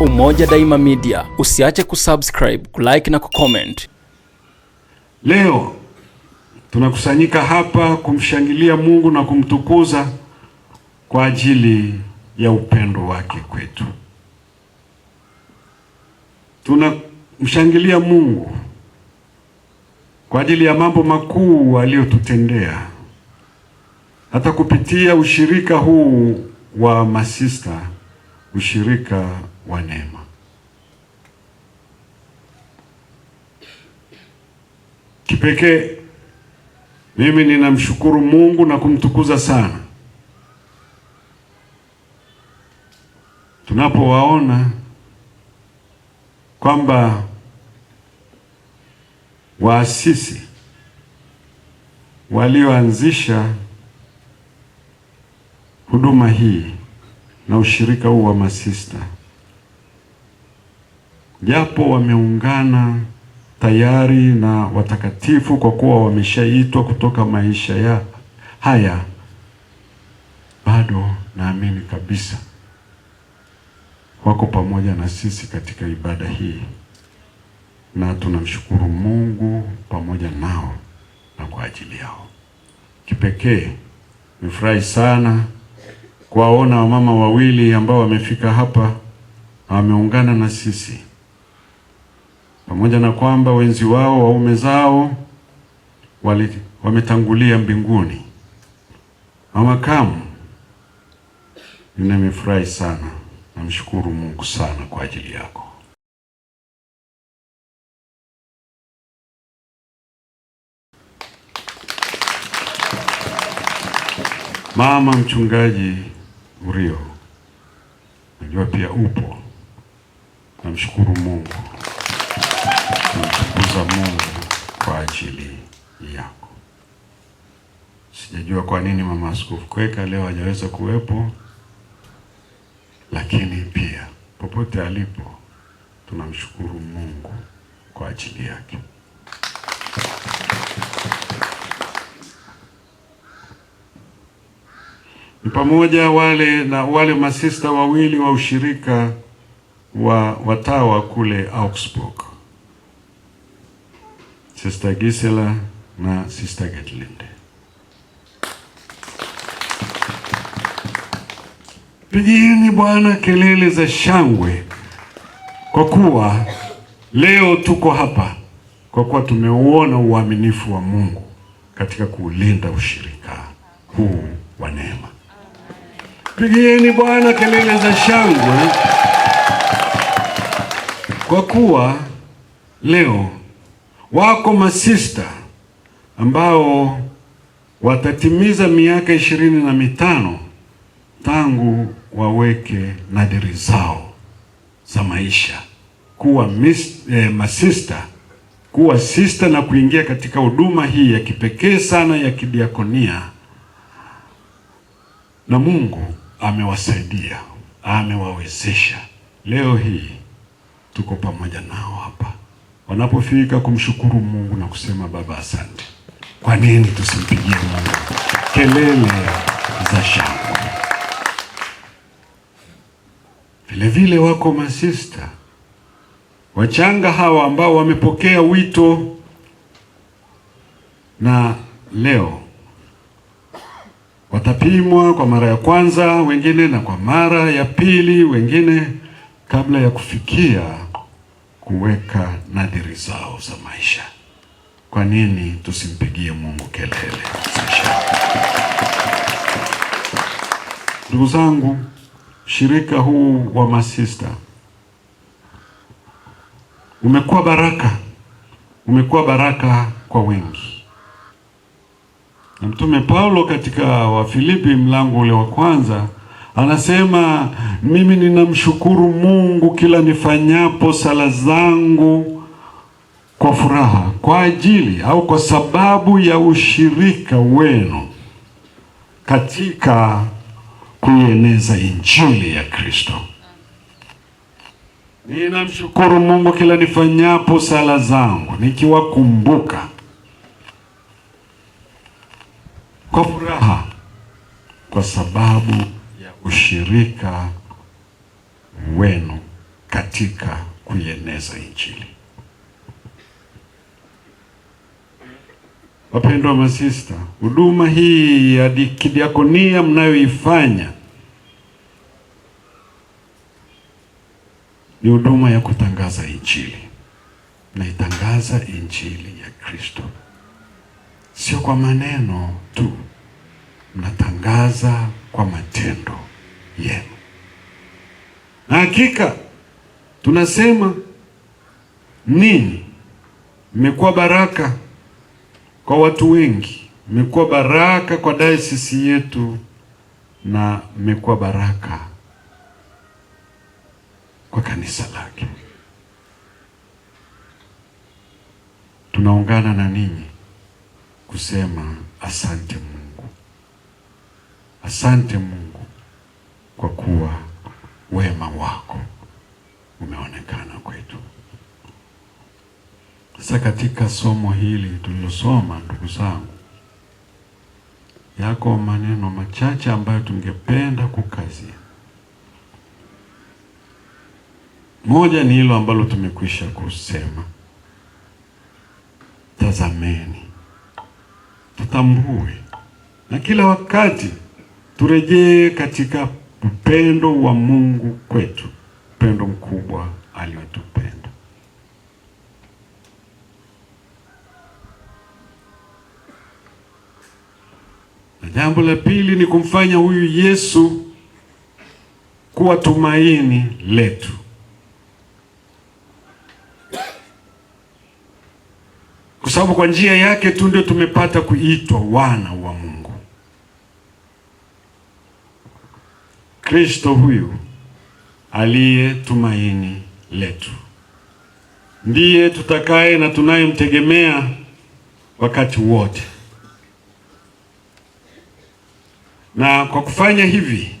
Umoja Daima Media, usiache kusubscribe, kulike na kucomment. Leo tunakusanyika hapa kumshangilia Mungu na kumtukuza kwa ajili ya upendo wake kwetu. Tunamshangilia Mungu kwa ajili ya mambo makuu aliyotutendea hata kupitia ushirika huu wa masista, ushirika wa neema. Kipekee mimi ninamshukuru Mungu na kumtukuza sana tunapowaona kwamba waasisi walioanzisha huduma hii na ushirika huu wa masista japo wameungana tayari na watakatifu kwa kuwa wameshaitwa kutoka maisha ya haya, bado naamini kabisa wako pamoja na sisi katika ibada hii, na tunamshukuru Mungu pamoja nao na kwa ajili yao. Kipekee nifurahi sana kuwaona wamama wawili ambao wamefika hapa na wameungana na sisi pamoja na kwamba wenzi wao waume zao wali, wametangulia mbinguni. Mama Kam, nimefurahi sana, namshukuru Mungu sana kwa ajili yako. Mama mchungaji Urio, najua pia upo, namshukuru Mungu kumtukuza Mungu kwa ajili yako. Sijajua kwa nini mama askofu Kweka leo hajaweza kuwepo, lakini pia popote alipo tunamshukuru Mungu kwa ajili yake. Ni pamoja wale na wale masista wawili wa ushirika wa watawa kule Augsburg Sister Gisela na Sister Getlinde. Pigieni Bwana kelele za shangwe kwa kuwa leo tuko hapa kwa kuwa tumeuona uaminifu wa Mungu katika kuulinda ushirika huu wa neema. Pigieni Bwana kelele za shangwe kwa kuwa leo Wako masista ambao watatimiza miaka ishirini na mitano tangu waweke nadiri zao za maisha kuwa mis, eh, masista kuwa sista na kuingia katika huduma hii ya kipekee sana ya kidiakonia, na Mungu amewasaidia, amewawezesha. Leo hii tuko pamoja nao hapa wanapofika kumshukuru Mungu na kusema Baba asante. Kwa nini tusimpigie Mungu kelele za shangwe? Vile vile wako masista wachanga hawa ambao wamepokea wito na leo watapimwa kwa mara ya kwanza, wengine na kwa mara ya pili, wengine kabla ya kufikia kuweka nadhiri zao za maisha. Kwa nini tusimpigie Mungu kelele Ndugu zangu, shirika huu wa masista umekuwa baraka, umekuwa baraka kwa wengi, na Mtume Paulo katika Wafilipi mlango ule wa kwanza Anasema, mimi ninamshukuru Mungu kila nifanyapo sala zangu kwa furaha kwa ajili au kwa sababu ya ushirika wenu katika kuieneza injili ya Kristo. Ninamshukuru Mungu kila nifanyapo sala zangu nikiwakumbuka kwa furaha kwa sababu ushirika wenu katika kuieneza Injili. Wapendwa masista, huduma hii ya kidiakonia mnayoifanya ni huduma ya kutangaza Injili. Naitangaza Injili ya Kristo, sio kwa maneno tu, mnatangaza kwa matendo na Hakika tunasema nini? mmekuwa baraka kwa watu wengi, mmekuwa baraka kwa dayosisi yetu na mmekuwa baraka kwa kanisa lake. Tunaungana na ninyi kusema asante Mungu, asante Mungu kwa kuwa wema wako umeonekana kwetu. Sasa katika somo hili tulilosoma, ndugu zangu, yako maneno machache ambayo tungependa kukazia. Moja ni hilo ambalo tumekwisha kusema, tazameni, tutambue na kila wakati turejee katika Mpendo wa Mungu kwetu, upendo mkubwa aliotupenda. Na jambo la pili ni kumfanya huyu Yesu kuwa tumaini letu. Kwa sababu kwa njia yake tu ndio tumepata kuitwa wana wa Mungu. Kristo huyu aliye tumaini letu ndiye tutakaye na tunayemtegemea wakati wote, na kwa kufanya hivi,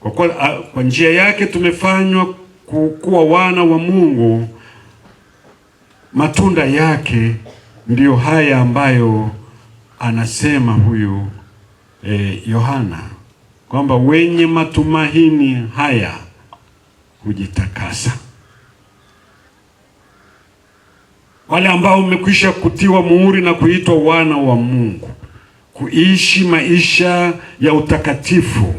kwa, kwa, kwa njia yake tumefanywa kuwa wana wa Mungu. Matunda yake ndiyo haya ambayo anasema huyu eh, Yohana eh, kwamba wenye matumaini haya hujitakasa. Wale ambao umekwisha kutiwa muhuri na kuitwa wana wa Mungu, kuishi maisha ya utakatifu,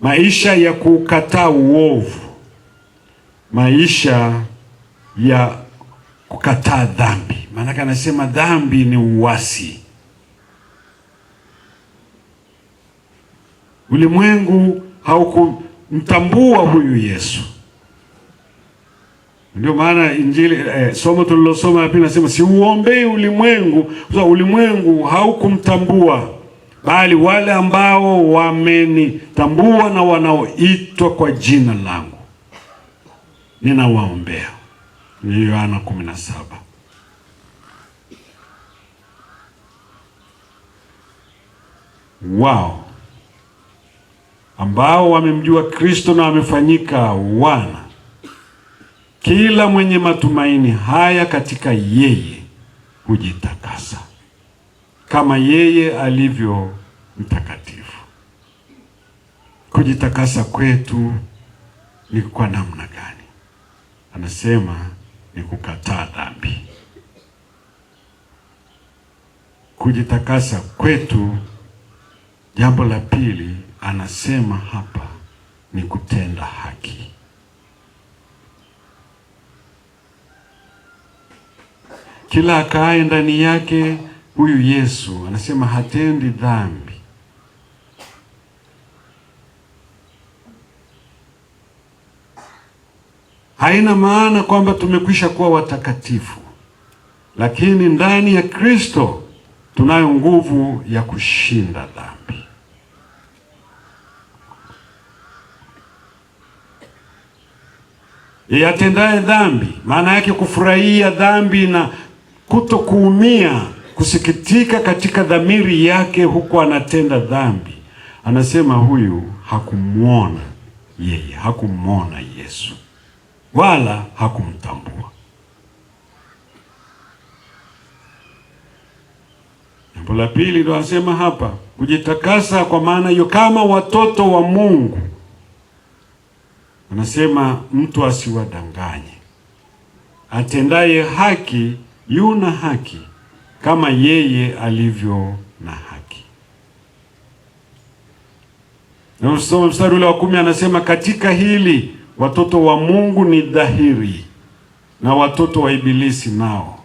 maisha ya kukataa uovu, maisha ya kukataa dhambi. Maanake anasema dhambi ni uasi. Ulimwengu haukumtambua huyu Yesu. Ndio maana injili eh, somo tulilosoma hapa nasema siuombei ulimwengu, kwa ulimwengu haukumtambua, bali wale ambao wamenitambua na wanaoitwa kwa jina langu ninawaombea. Ni Yohana 17. Wow ambao wamemjua Kristo na wamefanyika wana. Kila mwenye matumaini haya katika yeye hujitakasa kama yeye alivyo mtakatifu. Kujitakasa kwetu ni kwa namna gani? Anasema ni kukataa dhambi. Kujitakasa kwetu, jambo la pili anasema hapa ni kutenda haki. Kila akaaye ndani yake huyu Yesu anasema hatendi dhambi. Haina maana kwamba tumekwisha kuwa watakatifu, lakini ndani ya Kristo tunayo nguvu ya kushinda dhambi. yatendaye dhambi, maana yake kufurahia dhambi na kutokuumia, kusikitika katika dhamiri yake huku anatenda dhambi. Anasema huyu hakumwona yeye, hakumwona Yesu wala hakumtambua. Jambo la pili ndo anasema hapa, kujitakasa kwa maana hiyo, kama watoto wa Mungu Anasema mtu asiwadanganye, atendaye haki yuna haki kama yeye alivyo na haki. Na usome mstari ule wa kumi, anasema katika hili watoto wa Mungu ni dhahiri na watoto wa Ibilisi nao,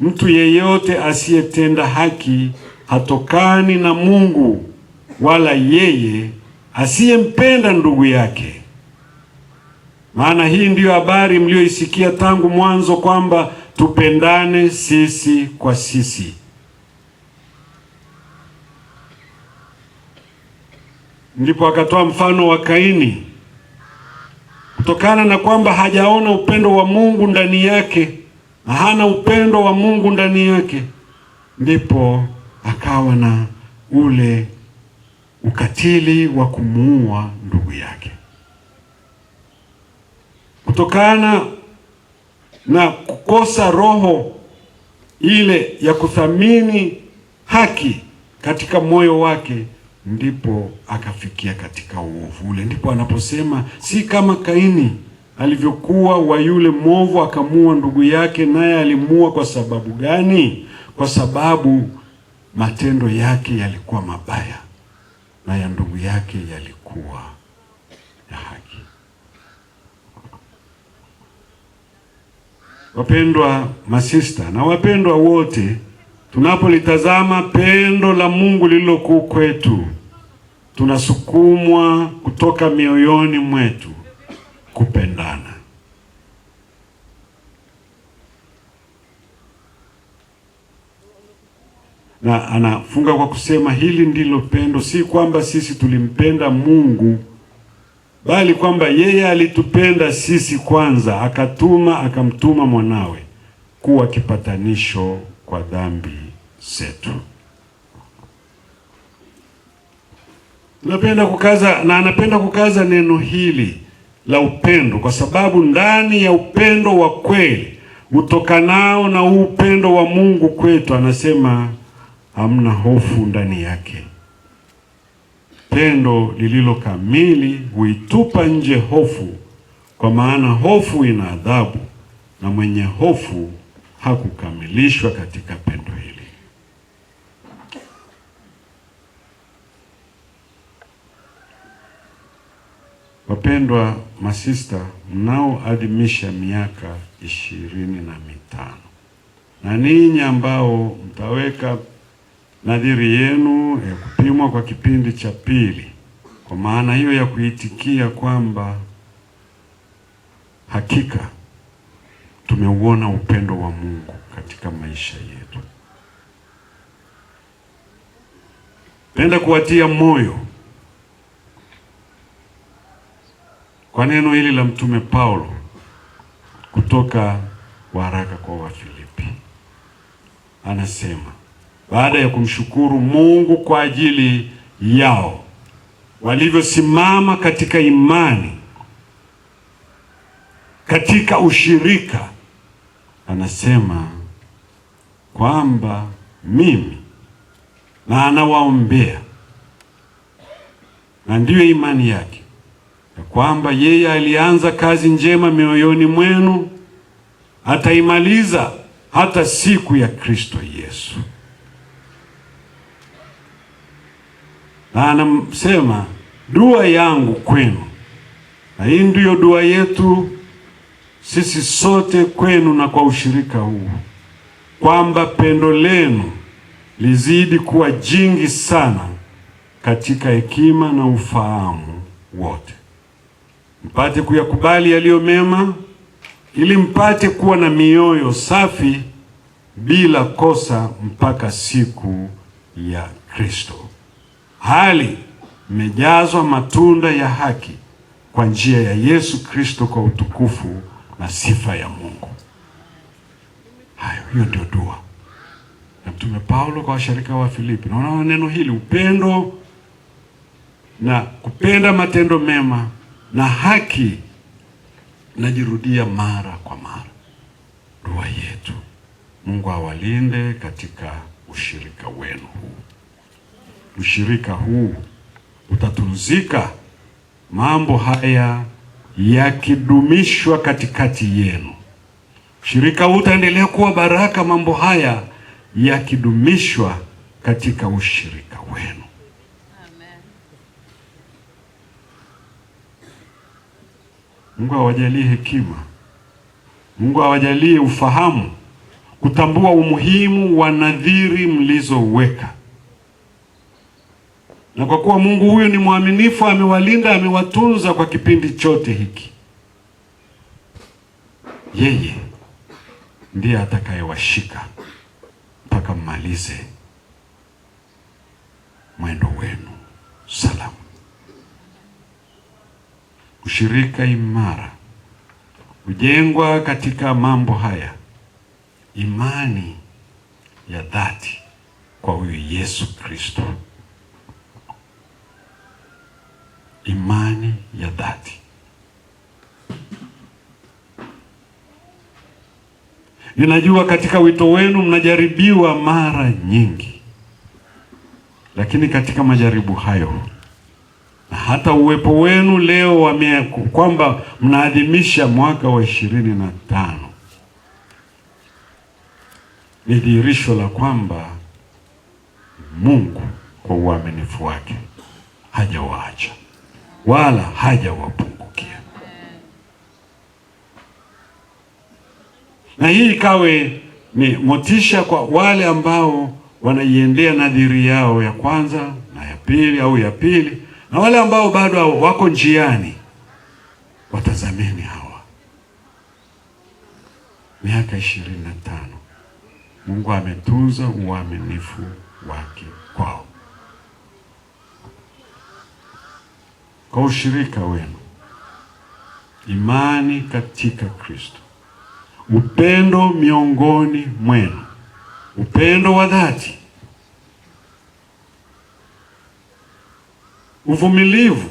mtu yeyote asiyetenda haki hatokani na Mungu, wala yeye asiyempenda ndugu yake maana hii ndiyo habari mliyoisikia tangu mwanzo, kwamba tupendane sisi kwa sisi. Ndipo akatoa mfano wa Kaini, kutokana na kwamba hajaona upendo wa Mungu ndani yake, hana upendo wa Mungu ndani yake, ndipo akawa na ule ukatili wa kumuua ndugu yake kutokana na kukosa roho ile ya kuthamini haki katika moyo wake, ndipo akafikia katika uovu ule. Ndipo anaposema si kama Kaini alivyokuwa wa yule mwovu akamua ndugu yake, naye alimua kwa sababu gani? Kwa sababu matendo yake yalikuwa mabaya na ya ndugu yake yalikuwa wapendwa masista na wapendwa wote, tunapolitazama pendo la Mungu lililokuu kwetu, tunasukumwa kutoka mioyoni mwetu kupendana. Na anafunga kwa kusema hili ndilo pendo, si kwamba sisi tulimpenda Mungu bali kwamba yeye alitupenda sisi kwanza, akatuma akamtuma mwanawe kuwa kipatanisho kwa dhambi zetu. Napenda kukaza na anapenda kukaza neno hili la upendo, kwa sababu ndani ya upendo wa kweli utokanao na upendo wa Mungu kwetu, anasema hamna hofu ndani yake. Pendo lililo kamili huitupa nje hofu, kwa maana hofu ina adhabu, na mwenye hofu hakukamilishwa katika pendo hili. Wapendwa masista, mnaoadhimisha miaka ishirini na mitano na ninyi ambao mtaweka nadhiri yenu ya kupimwa kwa kipindi cha pili, kwa maana hiyo ya kuitikia kwamba hakika tumeuona upendo wa Mungu katika maisha yetu. Penda kuwatia moyo kwa neno hili la Mtume Paulo kutoka waraka kwa Wafilipi, anasema baada ya kumshukuru Mungu kwa ajili yao walivyosimama katika imani, katika ushirika, anasema kwamba mimi na anawaombea, na ndiyo imani yake ya kwamba yeye alianza kazi njema mioyoni mwenu ataimaliza hata siku ya Kristo Yesu. anamsema dua yangu kwenu, na hii ndiyo dua yetu sisi sote kwenu na kwa ushirika huu, kwamba pendo lenu lizidi kuwa jingi sana katika hekima na ufahamu wote, mpate kuyakubali yaliyo mema, ili mpate kuwa na mioyo safi bila kosa mpaka siku ya Kristo hali mmejazwa matunda ya haki kwa njia ya Yesu Kristo kwa utukufu na sifa ya Mungu. Hayo, hiyo ndio dua na Mtume Paulo kwa washirika wa Filipi. Naona neno hili upendo na kupenda matendo mema na haki najirudia mara kwa mara. Dua yetu Mungu awalinde katika ushirika wenu huu ushirika huu utatunzika, mambo haya yakidumishwa katikati yenu. Ushirika huu utaendelea kuwa baraka, mambo haya yakidumishwa katika ushirika wenu. Amen. Mungu awajalie hekima, Mungu awajalie ufahamu kutambua umuhimu wa nadhiri mlizoweka na kwa kuwa Mungu huyu ni mwaminifu, amewalinda, amewatunza kwa kipindi chote hiki, yeye ndiye atakayewashika mpaka mmalize mwendo wenu salamu. Ushirika imara hujengwa katika mambo haya: imani ya dhati kwa huyu Yesu Kristo. imani ya dhati. Ninajua katika wito wenu mnajaribiwa mara nyingi, lakini katika majaribu hayo na hata uwepo wenu leo wame kwamba mnaadhimisha mwaka wa ishirini na tano ni dhihirisho la kwamba Mungu kwa uaminifu wake hajawaacha wala hajawapungukia. Na hii ikawe ni motisha kwa wale ambao wanaiendea nadhiri yao ya kwanza na ya pili au ya pili, na wale ambao bado wako njiani, watazameni hawa miaka ishirini na tano. Mungu ametunza uaminifu wake kwao. kwa ushirika wenu, imani katika Kristo, upendo miongoni mwenu, upendo wa dhati, uvumilivu,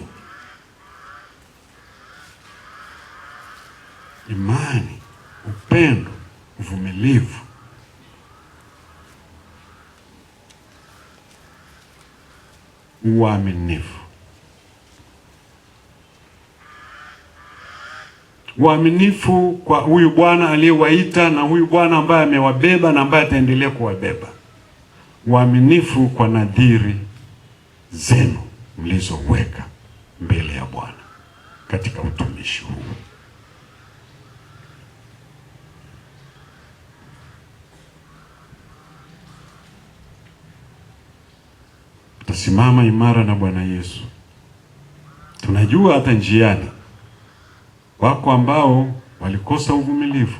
imani, upendo, uvumilivu uaminifu. waaminifu kwa huyu Bwana aliyewaita na huyu Bwana ambaye amewabeba na ambaye ataendelea kuwabeba, waaminifu kwa nadhiri zenu mlizoweka mbele ya Bwana katika utumishi huu. Tutasimama imara na Bwana Yesu. Tunajua hata njiani Wako ambao walikosa uvumilivu,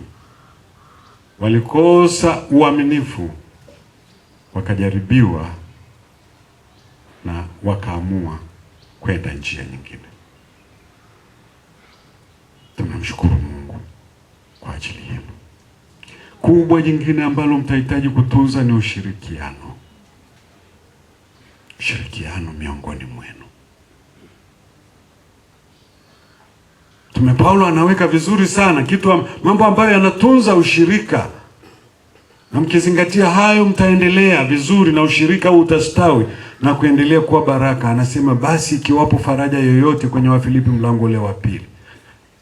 walikosa uaminifu, wakajaribiwa na wakaamua kwenda njia nyingine. Tunamshukuru Mungu kwa ajili yenu. Kubwa jingine ambalo mtahitaji kutunza ni ushirikiano, ushirikiano miongoni mwenu. Mtume Paulo anaweka vizuri sana kitu, mambo ambayo yanatunza ushirika, na mkizingatia hayo mtaendelea vizuri na ushirika huu utastawi na kuendelea kuwa baraka. Anasema basi, ikiwapo faraja yoyote kwenye Wafilipi mlango ule wa pili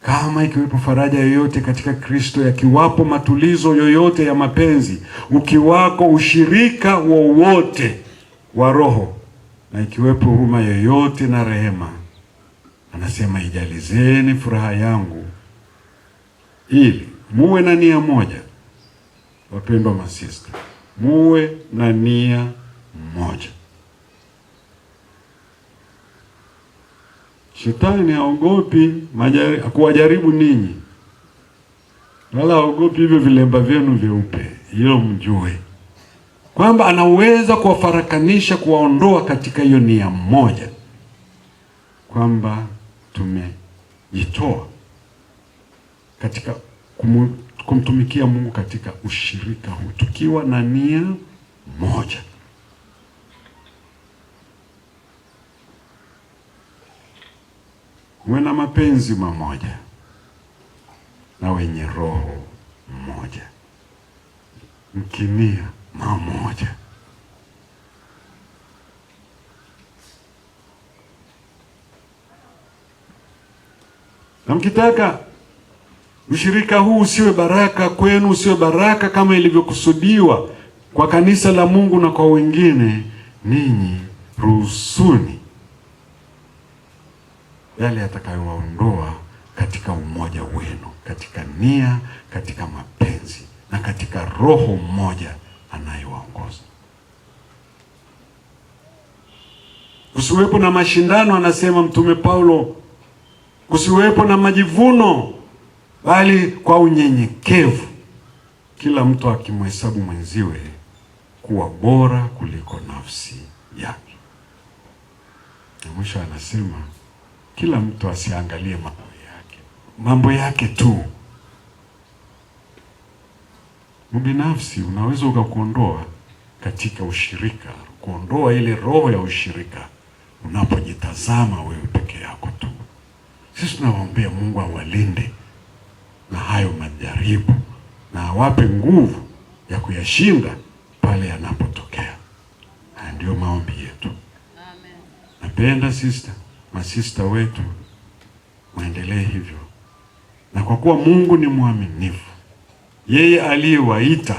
kama ikiwepo faraja yoyote katika Kristo, yakiwapo matulizo yoyote ya mapenzi, ukiwako ushirika wowote wa roho, na ikiwepo huruma yoyote na rehema Anasema ijalizeni furaha yangu ili muwe na nia moja. Wapendwa masista, muwe na nia moja. Shetani haogopi kuwajaribu ninyi, wala haogopi hivyo vilemba vyenu vyeupe. Hilo mjue kwamba anaweza kuwafarakanisha, kuwaondoa katika hiyo nia moja kwamba tumejitoa katika kumu, kumtumikia Mungu katika ushirika huu tukiwa na nia moja. Uwe na mapenzi mamoja na wenye roho mmoja, mkinia mamoja. na mkitaka ushirika huu usiwe baraka kwenu, usiwe baraka kama ilivyokusudiwa kwa kanisa la Mungu na kwa wengine, ninyi ruhusuni yale yatakayowaondoa katika umoja wenu, katika nia, katika mapenzi na katika roho mmoja anayewaongoza. Usiwepo na mashindano, anasema Mtume Paulo kusiwepo na majivuno, bali kwa unyenyekevu, kila mtu akimhesabu mwenziwe kuwa bora kuliko nafsi yake. Na mwisho anasema kila mtu asiangalie mambo yake mambo yake tu. Mbinafsi unaweza ukakuondoa katika ushirika, kuondoa ile roho ya ushirika unapojitazama wewe peke yako tu. Sisi tunawaombea Mungu awalinde na hayo majaribu na awape nguvu ya kuyashinda pale yanapotokea. Na ndio maombi yetu. Amen. Napenda sista, masista wetu mwendelee hivyo, na kwa kuwa Mungu ni mwaminifu, yeye aliyewaita.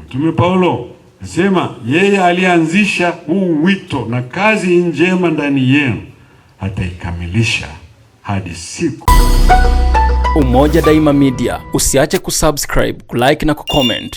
Mtume Paulo nasema yeye alianzisha huu wito na kazi njema ndani yenu ataikamilisha hadi siku. Umoja Daima Media, usiache kusubscribe, kulike na kucomment.